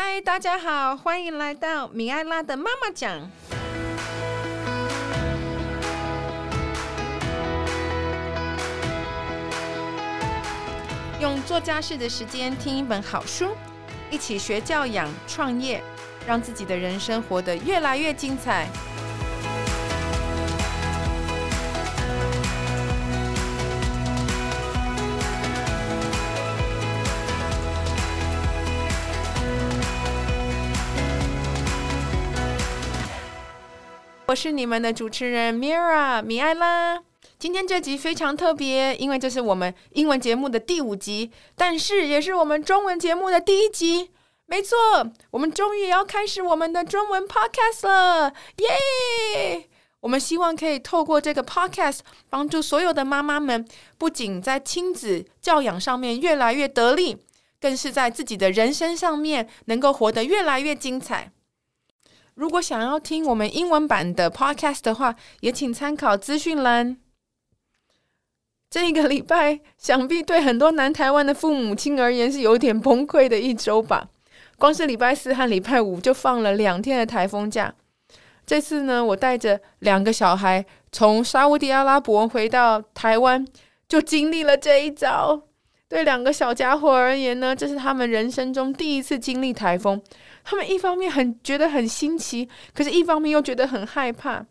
嗨，大家好，歡迎來到米愛拉的媽媽講。用做家事的時間聽一本好書，一起學教養、創業，讓自己的人生活得越來越精彩。我是你們的主持人 Mira，米艾拉。今天這集非常特別，因為這是我們英文節目的第五集，但是也是我們中文節目的第一集。沒錯，我們終於也要開始我們的中文 podcast 了，耶！我們希望可以透過這個 podcast，幫助所有的媽媽們，不僅在親子教養上面越來越得力，更是在自己的人生上面能夠活得越來越精彩。如果想要聽我們英文版的 Podcast 的話，也請參考資訊欄。這一個禮拜，想必對很多南台灣的父母親而言是有點崩潰的一週吧。光是禮拜四和禮拜五就放了兩天的台風假。這次呢，我帶着兩個小孩從沙烏地阿拉伯回到台灣，就經歷了這一遭。對兩個小傢伙而言呢，這是他們人生中第一次經歷台風。他們一方面很覺得很新奇，可是一方面又覺得很害怕。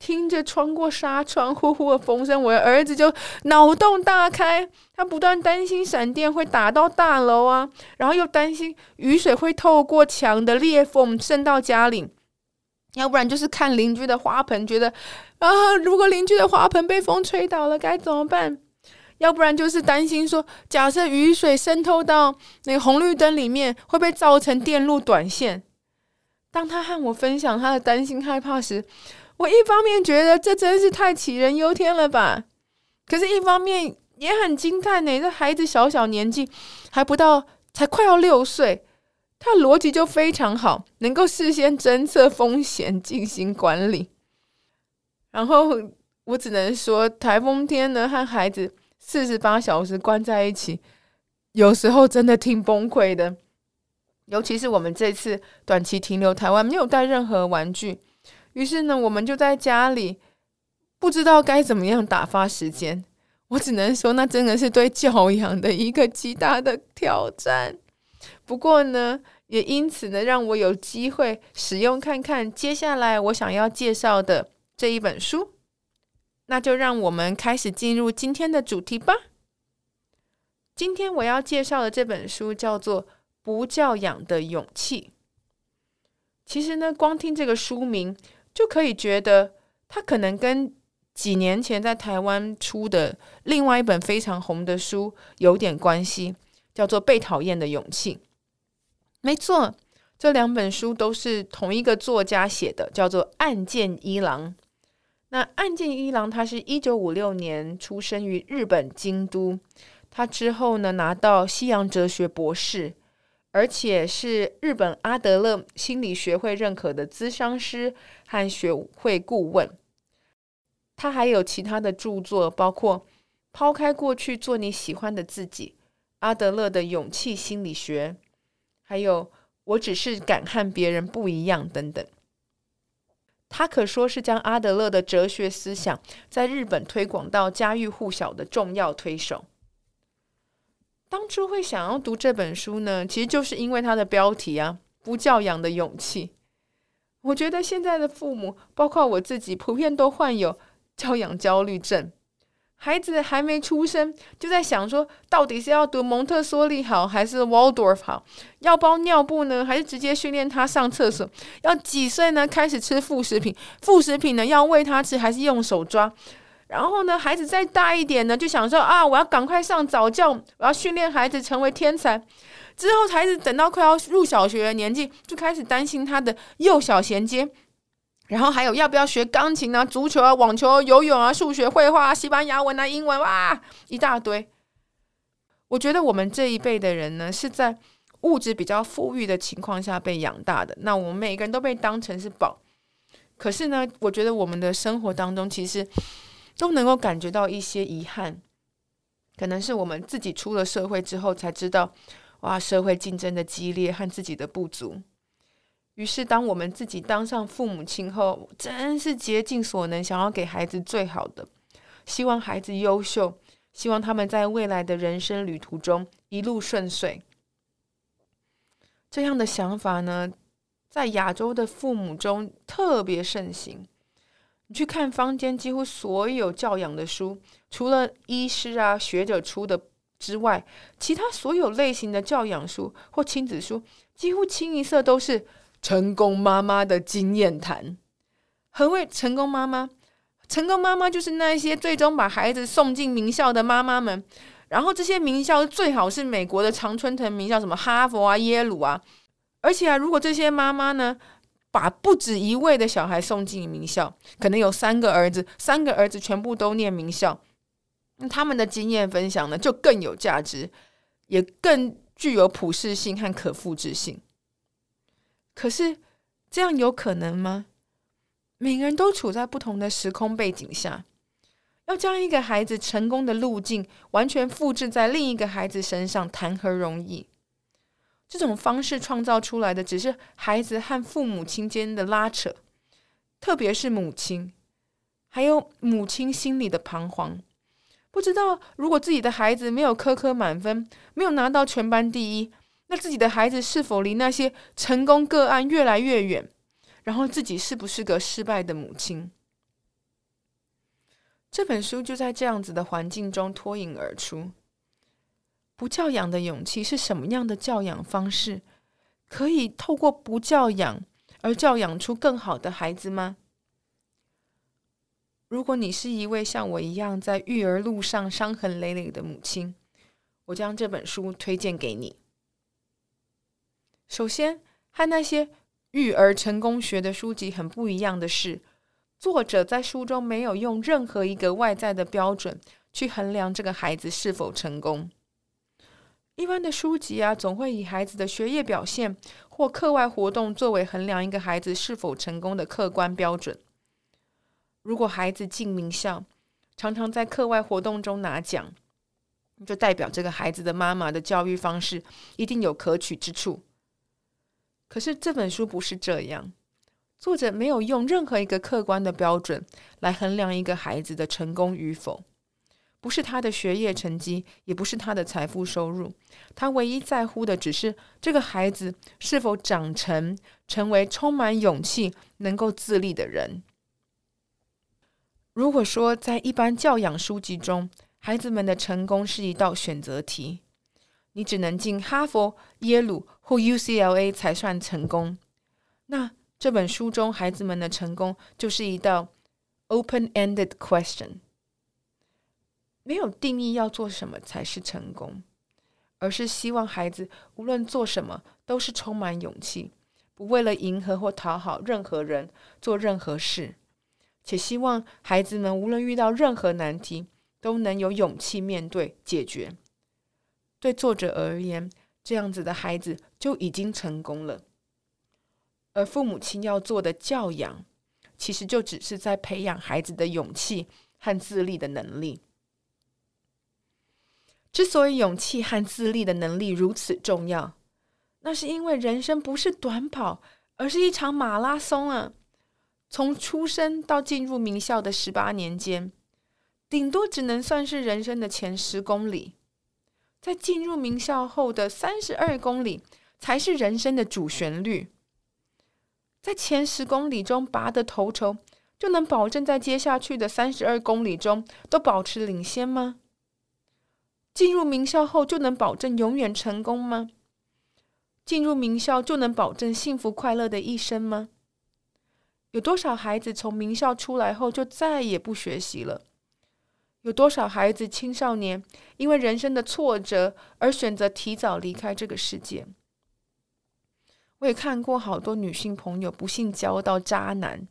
聽着穿過紗窗呼呼的風聲，我的兒子就腦洞大開，他不斷擔心閃電會打到大樓啊，然後又擔心雨水會透過牆的裂縫滲到家裡，要不然就是看鄰居的花盆，覺得啊，如果鄰居的花盆被風吹倒了，該怎麼辦？要不然就是擔心說，假設雨水滲透到那個紅綠燈裡面，會被造成電路短線。當他和我分享他的擔心、害怕時，我一方面覺得這真是太杞人憂天了吧，可是一方面也很驚嘆呢。這孩子小小年紀，還不到，才快要六歲，他的邏輯就非常好，能夠事先偵測風險，進行管理。然後我只能說，台風天呢，和孩子四十八小時關在一起，有時候真的挺崩潰的。尤其是我們這次短期停留台灣，沒有帶任何玩具，於是呢，我們就在家裡不知道該怎麼樣打發時間。我只能說，那真的是對教養的一個極大的挑戰。不過呢，也因此呢，讓我有機會使用看看接下來我想要介紹的這一本書。那就讓我們開始進入今天的主題吧。今天我要介紹的這本書叫做《不教養的勇氣》。其實呢，光聽這個書名就可以覺得它可能跟幾年前在台灣出的另外一本非常紅的書有點關係，叫做《被討厭的勇氣》。沒錯，這兩本書都是同一個作家寫的，叫做岸見一郎。那岸見一郎，他是一九五六年出生於日本京都，他之後呢拿到西洋哲學博士，而且是日本阿德勒心理學會認可的諮商師和學會顧問。他還有其他的著作，包括《拋開過去做你喜歡的自己》、《阿德勒的勇氣心理學》，還有《我只是敢和別人不一樣》等等。他可說是將阿德勒的哲學思想在日本推廣到家喻戶曉的重要推手。當初會想要讀這本書呢，其實就是因為它的標題啊，“不教養的勇氣”。我覺得現在的父母，包括我自己，普遍都患有教養焦慮症。孩子還沒出生，就在想說，到底是要讀蒙特梭利好，還是 Waldorf 好？要包尿布呢，還是直接訓練他上廁所？要幾歲呢？開始吃副食品？副食品呢，要餵他吃，還是用手抓？然後呢，孩子再大一點呢，就想說啊，我要趕快上早教，我要訓練孩子成為天才。之後，孩子等到快要入小學的年紀，就開始擔心他的幼小銜接。然後還有要不要學鋼琴啊、足球啊、網球啊、游泳啊、數學、繪畫啊、西班牙文啊、英文哇、啊，一大堆。我覺得我們這一輩的人呢，是在物質比較富裕的情況下被養大的。那我們每個人都被當成是寶，可是呢，我覺得我們的生活當中其實都能夠感覺到一些遺憾，可能是我們自己出了社會之後才知道，哇，社會競爭的激烈和自己的不足。於是，當我們自己當上父母親後，真是竭盡所能，想要給孩子最好的，希望孩子優秀，希望他們在未來的人生旅途中一路順遂。這樣的想法呢，在亞洲的父母中特別盛行。你去看坊間幾乎所有教養的書，除了醫師啊、學者出的之外，其他所有類型的教養書或親子書，幾乎清一色都是。成功媽媽的經驗談，何為成功媽媽？成功媽媽就是那些最終把孩子送進名校的媽媽們。然後這些名校最好是美國的常春藤名校，什麼哈佛啊、耶魯啊。而且啊，如果這些媽媽呢，把不止一位的小孩送進名校，可能有三個兒子，三個兒子全部都念名校，那他們的經驗分享呢，就更有價值，也更具有普適性和可複製性。可是，這樣有可能嗎？每個人都處在不同的時空背景下，要將一個孩子成功的路徑完全複製在另一個孩子身上，談何容易？這種方式創造出來的，只是孩子和父母親間的拉扯，特別是母親，還有母親心裡的彷徨，不知道如果自己的孩子沒有科科滿分，沒有拿到全班第一。那自己的孩子是否離那些成功個案越來越遠？然後自己是不是個失敗的母親？這本書就在這樣子的環境中脫穎而出。不教養的勇氣是什麼樣的教養方式？可以透過不教養而教養出更好的孩子嗎？如果你是一位像我一樣在育兒路上傷痕累累的母親，我將這本書推薦給你。首先，和那些育兒成功學的書籍很不一樣的是，作者在書中沒有用任何一個外在的標準去衡量這個孩子是否成功。一般的書籍啊，總會以孩子的學業表現或課外活動作為衡量一個孩子是否成功的客觀標準。如果孩子進名校，常常在課外活動中拿獎，就代表這個孩子的媽媽的教育方式一定有可取之處。可是這本書不是這樣，作者沒有用任何一個客觀的標準來衡量一個孩子的成功與否，不是他的學業成績，也不是他的財富收入，他唯一在乎的只是這個孩子是否長成，成為充滿勇氣、能夠自立的人。如果說在一般教養書籍中，孩子們的成功是一道選擇題。你只能進哈佛、耶魯或 UCLA 才算成功。那這本書中孩子們的成功就是一道 open-ended question，沒有定義要做什麼才是成功，而是希望孩子無論做什麼都是充滿勇氣，不為了迎合或討好任何人做任何事，且希望孩子們無論遇到任何難題都能有勇氣面對解決。對作者而言，這樣子的孩子就已經成功了。而父母親要做的教養，其實就只是在培養孩子的勇氣和自立的能力。之所以勇氣和自立的能力如此重要，那是因為人生不是短跑，而是一場馬拉松啊。從出生到進入名校的十八年間，頂多只能算是人生的前十公里。在進入名校後的三十二公里才是人生的主旋律。在前十公里中拔得頭籌，就能保證在接下去的三十二公里中都保持領先嗎？進入名校後就能保證永遠成功嗎？進入名校就能保證幸福快樂的一生嗎？有多少孩子從名校出來後就再也不學習了？有多少孩子、青少年因為人生的挫折而選擇提早離開這個世界？我也看過好多女性朋友不幸交到渣男，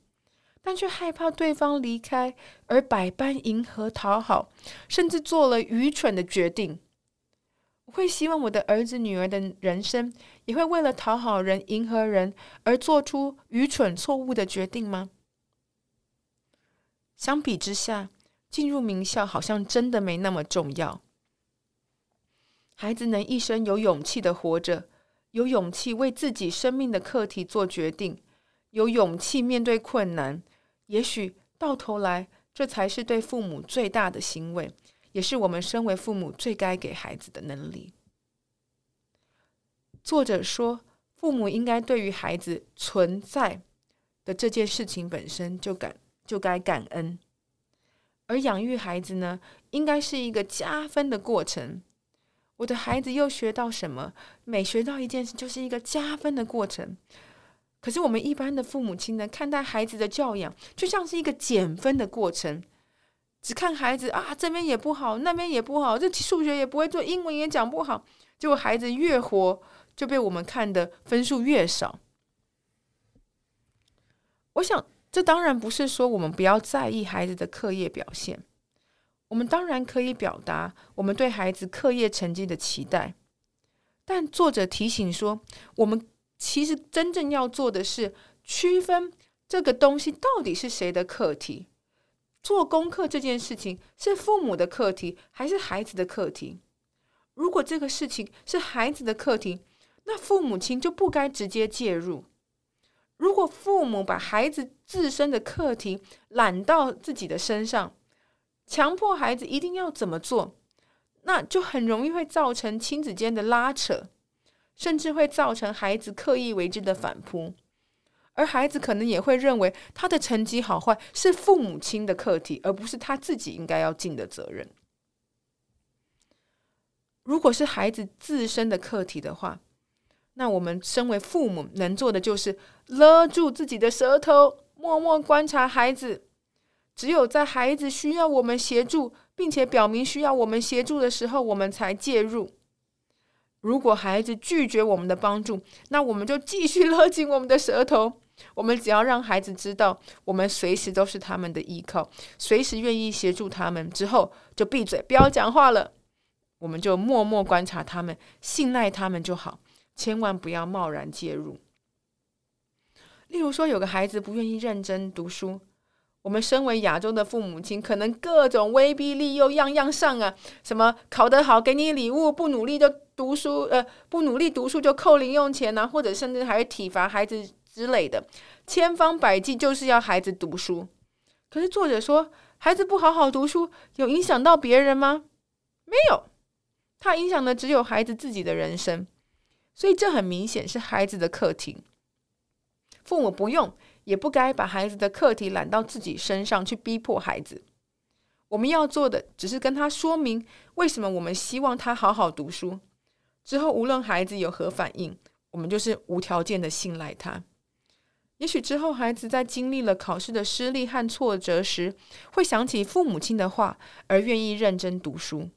但卻害怕對方離開而百般迎合討好，甚至做了愚蠢的決定。我會希望我的兒子、女兒的人生也會為了討好人、迎合人而做出愚蠢、錯誤的決定嗎？相比之下，進入名校好像真的沒那麼重要。孩子能一生有勇氣地活着，有勇氣為自己生命的課題做決定，有勇氣面對困難，也許到頭來這才是對父母最大的欣慰，也是我們身為父母最該給孩子的能力。作者說，父母應該對於孩子存在的這件事情本身就感，就該感恩。而養育孩子呢，應該是一個加分的過程。我的孩子又學到什麼？每學到一件事，就是一個加分的過程。可是我們一般的父母親呢，看待孩子的教養，就像是一個減分的過程。只看孩子啊，這邊也不好，那邊也不好，這數學也不會做，英文也講不好，結果孩子越活，就被我們看的分數越少。我想。這當然不是說我們不要在意孩子的課業表現，我們當然可以表達我們對孩子課業成績的期待。但作者提醒說，我們其實真正要做的是區分這個東西到底是誰的課題。做功課這件事情是父母的課題，還是孩子的課題？如果這個事情是孩子的課題，那父母親就不該直接介入。如果父母把孩子自身的課題攬到自己的身上，強迫孩子一定要怎麼做，那就很容易會造成親子間的拉扯，甚至會造成孩子刻意為之的反撲，而孩子可能也會認為他的成績好壞是父母親的課題，而不是他自己應該要盡的責任。如果是孩子自身的課題的話，那我們身為父母能做的就是勒住自己的舌頭，默默觀察孩子。只有在孩子需要我們協助，並且表明需要我們協助的時候，我們才介入。如果孩子拒絕我們的幫助，那我們就繼續勒緊我們的舌頭。我們只要讓孩子知道，我們隨時都是他們的依靠，隨時願意協助他們。之後就閉嘴，不要講話了。我們就默默觀察他們，信賴他們就好。千萬不要貿然介入。例如說，有個孩子不願意認真讀書，我們身為亞洲的父母親，可能各種威逼利誘，樣樣上啊，什麼考得好給你禮物，不努力就讀書，呃，不努力讀書就扣零用錢啊，或者甚至還會體罰孩子之類的，千方百計就是要孩子讀書。可是作者說，孩子不好好讀書，有影響到別人嗎？沒有，他影響的只有孩子自己的人生。所以這很明顯是孩子的課題，父母不用也不該把孩子的課題攬到自己身上去逼迫孩子。我們要做的只是跟他說明為什麼我們希望他好好讀書。之後無論孩子有何反應，我們就是無條件的信賴他。也許之後孩子在經歷了考試的失利和挫折時，會想起父母親的話，而願意認真讀書。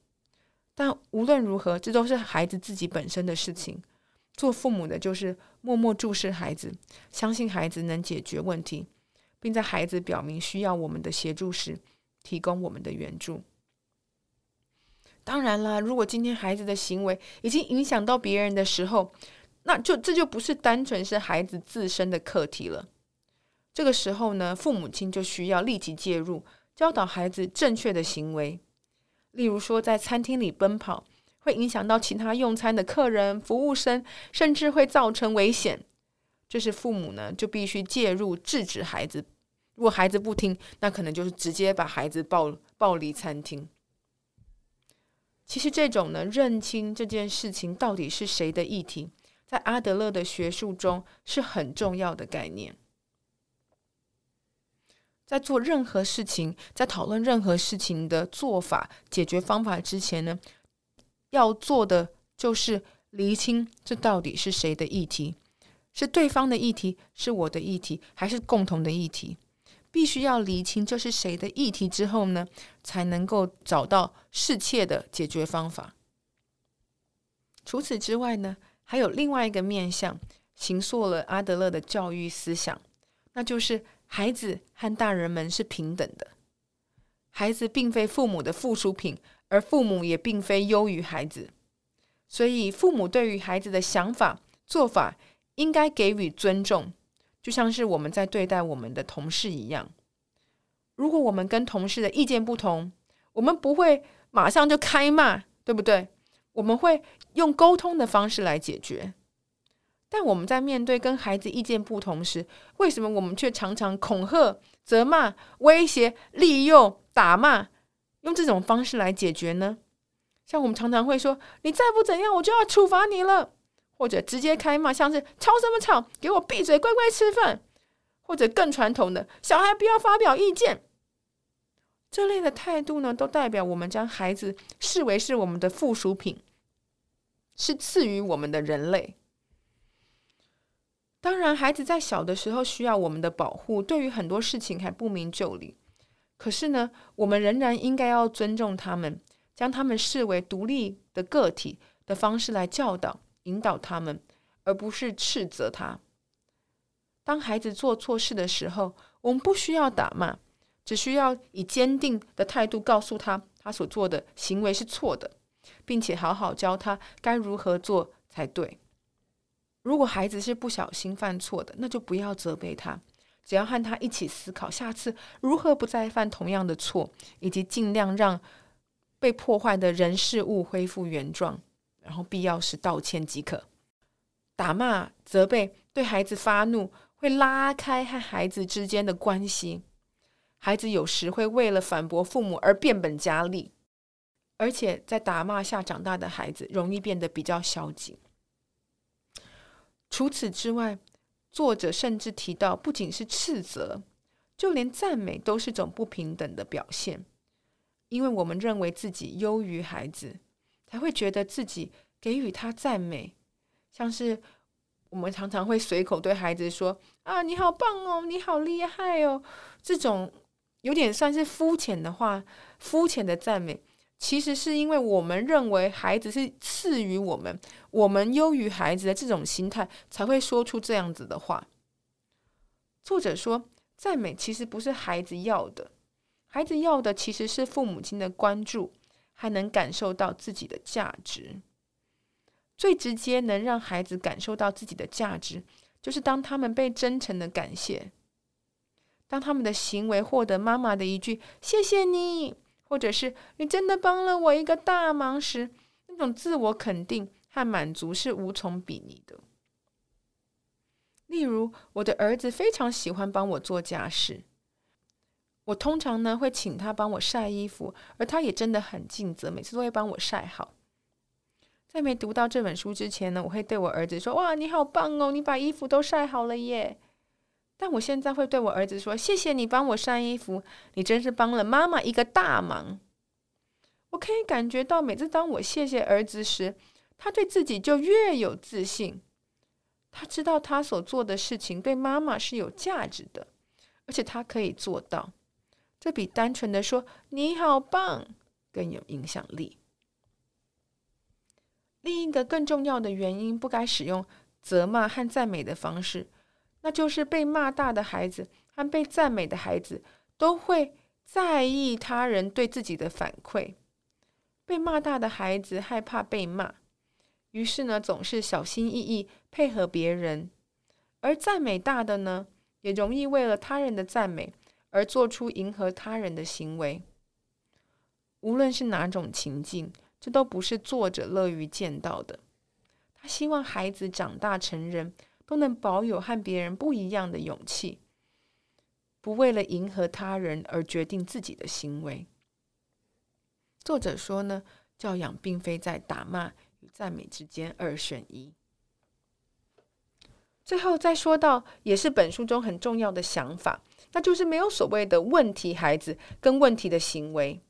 但無論如何，這都是孩子自己本身的事情。做父母的，就是默默注視孩子，相信孩子能解決問題，並在孩子表明需要我們的協助時，提供我們的援助。當然啦，如果今天孩子的行為已經影響到別人的時候，那就這就不是單純是孩子自身的課題了。這個時候呢，父母親就需要立即介入，教導孩子正確的行為，例如說在餐廳裡奔跑，會影響到其他用餐的客人、服務生，甚至會造成危險。這時父母呢，就必須介入制止孩子。如果孩子不聽，那可能就是直接把孩子抱抱離餐廳。其實這種呢，認清這件事情到底是誰的議題，在阿德勒的學術中是很重要的概念。在做任何事情、在討論任何事情的做法、解決方法之前呢，要做的就是釐清這到底是誰的議題，是對方的議題，是我的議題，還是共同的議題？必須要釐清這是誰的議題之後呢，才能夠找到適切的解決方法。除此之外呢，還有另外一個面向，形塑了阿德勒的教育思想，那就是孩子和大人們是平等的，孩子並非父母的附屬品。而父母也並非優於孩子，所以父母對於孩子的想法、做法，應該給予尊重，就像是我們在對待我們的同事一樣。如果我們跟同事的意見不同，我們不會馬上就開罵，對不對？我們會用溝通的方式來解決。但我們在面對跟孩子意見不同時，為什麼我們卻常常恐嚇、責罵、威脅、利誘、打罵？用這種方式來解決呢？像我們常常會說：“你再不怎樣，我就要處罰你了。”或者直接開罵，像是“吵什麼吵，給我閉嘴，乖乖吃飯。”或者更傳統的“小孩不要發表意見。”這類的態度呢，都代表我們將孩子視為是我們的附屬品，是賜予我們的人類。當然，孩子在小的時候需要我們的保護，對於很多事情還不明就裡。可是呢，我們仍然應該要尊重他們，將他們視為獨立的個體的方式來教導、引導他們，而不是斥責他。當孩子做錯事的時候，我們不需要打罵，只需要以堅定的態度告訴他，他所做的行為是錯的，並且好好教他該如何做才對。如果孩子是不小心犯錯的，那就不要責備他。只要和他一起思考，下次如何不再犯同樣的錯，以及盡量讓被破壞的人事物恢復原狀，然後必要時道歉即可。打罵、責備對孩子發怒會拉開和孩子之間的關係，孩子有時會為了反駁父母而變本加厲，而且在打罵下長大的孩子容易變得比較消極。除此之外，作者甚至提到，不僅是斥責，就連讚美都是種不平等的表現，因為我們認為自己優於孩子，才會覺得自己給予他讚美，像是我們常常會隨口對孩子說：“啊，你好棒哦，你好厲害哦。”這種有點算是膚淺的話，膚淺的讚美。其實是因為我們認為孩子是次於我們，我們優於孩子的這種心態，才會說出這樣子的話。作者說，讚美其實不是孩子要的，孩子要的其實是父母親的關注，還能感受到自己的價值。最直接能讓孩子感受到自己的價值，就是當他們被真誠的感謝，當他們的行為獲得媽媽的一句“謝謝你”。或者是你真的幫了我一個大忙時，那種自我肯定和滿足是無從比擬的。例如，我的兒子非常喜歡幫我做家事，我通常呢會請他幫我曬衣服，而他也真的很盡責，每次都會幫我曬好。在沒讀到這本書之前呢，我會對我兒子說：“哇，你好棒哦，你把衣服都曬好了耶。”但我現在會對我兒子說：“謝謝你幫我曬衣服，你真是幫了媽媽一個大忙。”我可以感覺到，每次當我謝謝兒子時，他對自己就越有自信。他知道他所做的事情對媽媽是有價值的，而且他可以做到。這比單純的說“你好棒”更有影響力。另一個更重要的原因，不該使用責罵和讚美的方式。那就是被罵大的孩子和被讚美的孩子都會在意他人對自己的反饋。被罵大的孩子害怕被罵，於是呢，總是小心翼翼配合別人；而讚美大的呢，也容易為了他人的讚美而做出迎合他人的行為。無論是哪種情境，這都不是作者樂於見到的。他希望孩子長大成人，都能保有和別人不一樣的勇氣，不為了迎合他人而決定自己的行為。作者說呢，教養並非在打罵與讚美之間二選一。最後再說到，也是本書中很重要的想法，那就是沒有所謂的問題孩子跟問題的行為。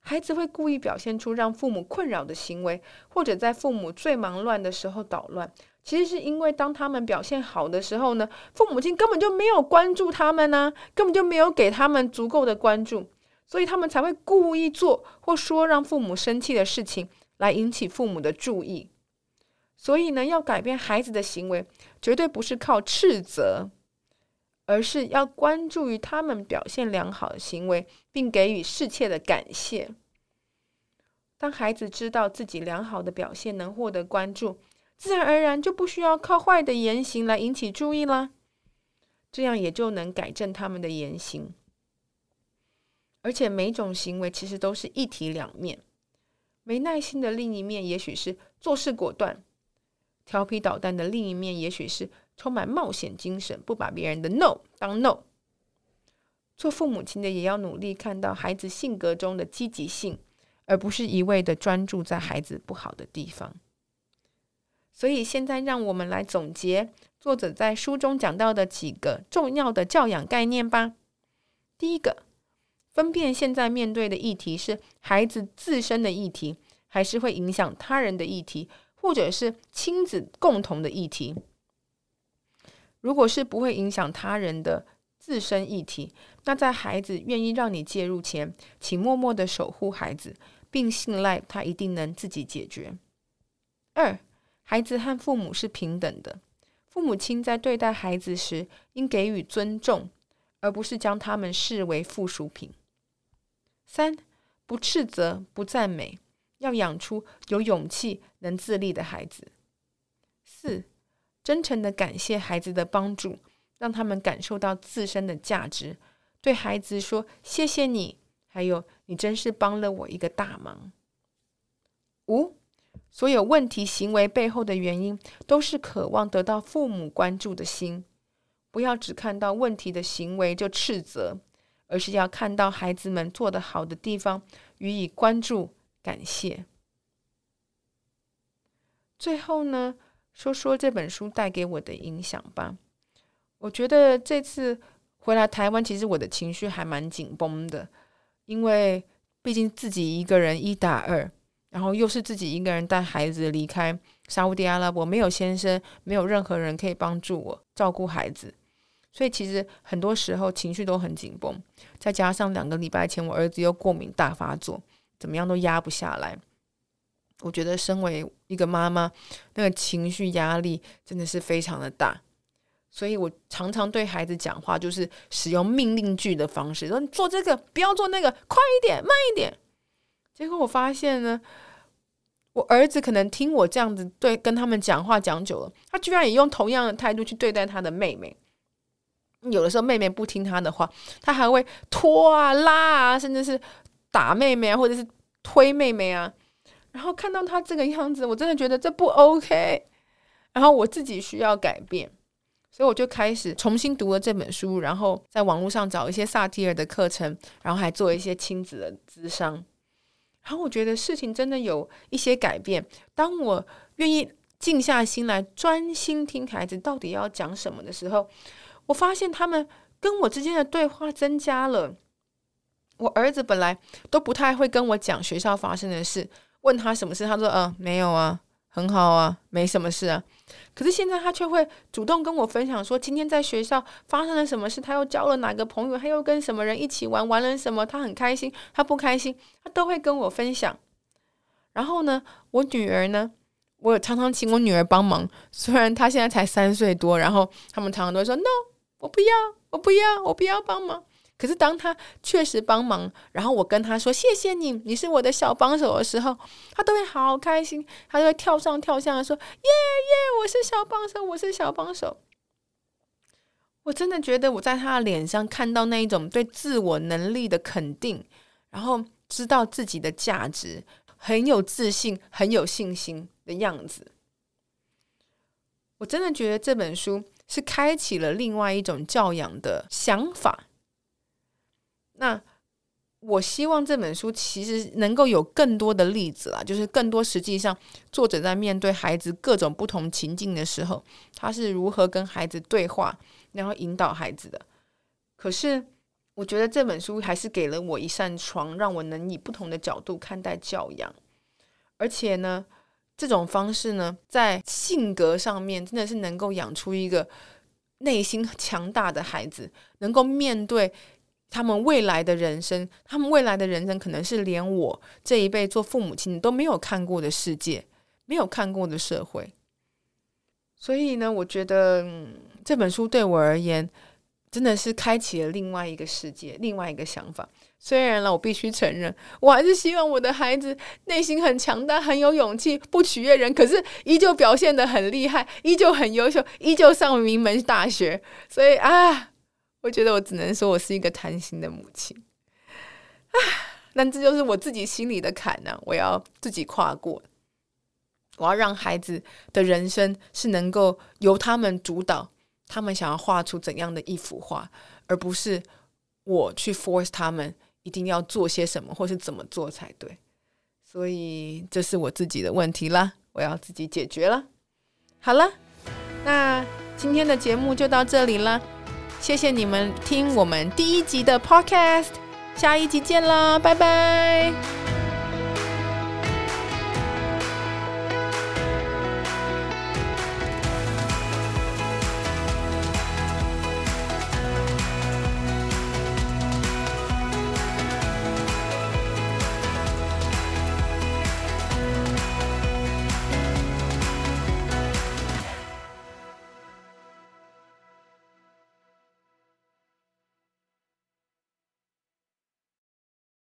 孩子會故意表現出讓父母困擾的行為，或者在父母最忙亂的時候搗亂。其實是因為當他們表現好的時候呢，父母親根本就沒有關注他們呢、啊，根本就沒有給他們足夠的關注，所以他們才會故意做或說讓父母生氣的事情來引起父母的注意。所以呢，要改變孩子的行為，絕對不是靠斥責，而是要關注於他們表現良好的行為，並給予適切的感謝。當孩子知道自己良好的表現能獲得關注，自然而然就不需要靠壞的言行來引起注意了，這樣也就能改正他們的言行。而且每種行為其實都是一體兩面，沒耐心的另一面也許是做事果斷；調皮搗蛋的另一面也許是充滿冒險精神，不把別人的 no 當 no。做父母親的也要努力看到孩子性格中的積極性，而不是一味的專注在孩子不好的地方。所以現在讓我們來總結作者在書中講到的幾個重要的教養概念吧。第一個，分辨現在面對的議題是孩子自身的議題，還是會影響他人的議題，或者是親子共同的議題。如果是不會影響他人的自身議題，那在孩子願意讓你介入前，請默默的守護孩子，並信賴他一定能自己解決。二孩子和父母是平等的，父母親在對待孩子時應給予尊重，而不是將他們視為附屬品。三、不斥責，不讚美，要養出有勇氣、能自立的孩子。四、真誠地感謝孩子的幫助，讓他們感受到自身的價值。對孩子說：“謝謝你，還有你真是幫了我一個大忙。”五。所有問題行為背後的原因，都是渴望得到父母關注的心。不要只看到問題的行為就斥責，而是要看到孩子們做得好的地方，予以關注、感謝。最後呢，說說這本書帶給我的影響吧。我覺得這次回來台灣，其實我的情緒還蠻緊繃的，因為畢竟自己一個人一打二。然後又是自己一個人帶孩子離開沙烏地阿拉伯，沒有先生，沒有任何人可以幫助我照顧孩子，所以其實很多時候情緒都很緊繃。再加上兩個禮拜前我兒子又過敏大發作，怎麼樣都壓不下來。我覺得身為一個媽媽，那個情緒壓力真的是非常的大，所以我常常對孩子講話就是使用命令句的方式，說你做這個，不要做那個，快一點，慢一點。結果我發現呢，我兒子可能聽我這樣子對跟他們講話講久了，他居然也用同樣的態度去對待他的妹妹。有的時候妹妹不聽他的話，他還會拖啊拉啊，甚至是打妹妹啊，或者是推妹妹啊。然後看到他這個樣子，我真的覺得這不 OK。然後我自己需要改變，所以我就開始重新讀了這本書，然後在網絡上找一些薩提爾的課程，然後還做一些親子的諮商。然後我覺得事情真的有一些改變。當我願意靜下心來，專心聽孩子到底要講什麼的時候，我發現他們跟我之間的對話增加了。我兒子本來都不太會跟我講學校發生的事，問他什麼事，他說：“嗯、呃，沒有啊。”很好啊，沒什麼事啊。可是現在他卻會主動跟我分享，說今天在學校發生了什麼事，他又交了哪個朋友，他又跟什麼人一起玩，玩了什麼，他很開心，他不開心，他都會跟我分享。然後呢，我女兒呢，我常常請我女兒幫忙，雖然她現在才三歲多，然後他們常常都會說 “no，我不要，我不要，我不要幫忙。”可是，當他確實幫忙，然後我跟他說“謝謝你，你是我的小幫手”的時候，他都會好開心，他就會跳上跳下來說：“耶耶，我是小幫手，我是小幫手。”我真的覺得我在他的臉上看到那一種對自我能力的肯定，然後知道自己的價值，很有自信，很有信心的樣子。我真的覺得這本書是開啟了另外一種教養的想法。那我希望這本書其實能夠有更多的例子啦，就是更多實際上作者在面對孩子各種不同情境的時候，他是如何跟孩子對話，然後引導孩子的。可是我覺得這本書還是給了我一扇窗，讓我能以不同的角度看待教養。而且呢，這種方式呢，在性格上面真的是能夠養出一個內心強大的孩子，能夠面對。他們未來的人生，他們未來的人生可能是連我這一輩做父母親都沒有看過的世界，沒有看過的社會。所以呢，我覺得，嗯，這本書對我而言，真的是開啟了另外一個世界，另外一個想法。雖然呢，我必須承認，我還是希望我的孩子內心很強大，很有勇氣，不取悅人，可是依舊表現得很厲害，依舊很優秀，依舊上名門大學。所以啊。我覺得我只能說我是一個貪心的母親，那這就是我自己心裡的坎呢，啊。我要自己跨過，我要讓孩子的人生是能夠由他們主導，他們想要畫出怎樣的一幅畫，而不是我去 force 他們一定要做些什麼或是怎麼做才對。所以這是我自己的問題啦，我要自己解決了。好了，那今天的節目就到這裡了。謝謝你們聽我們第一集的 Podcast，下一集見啦，拜拜。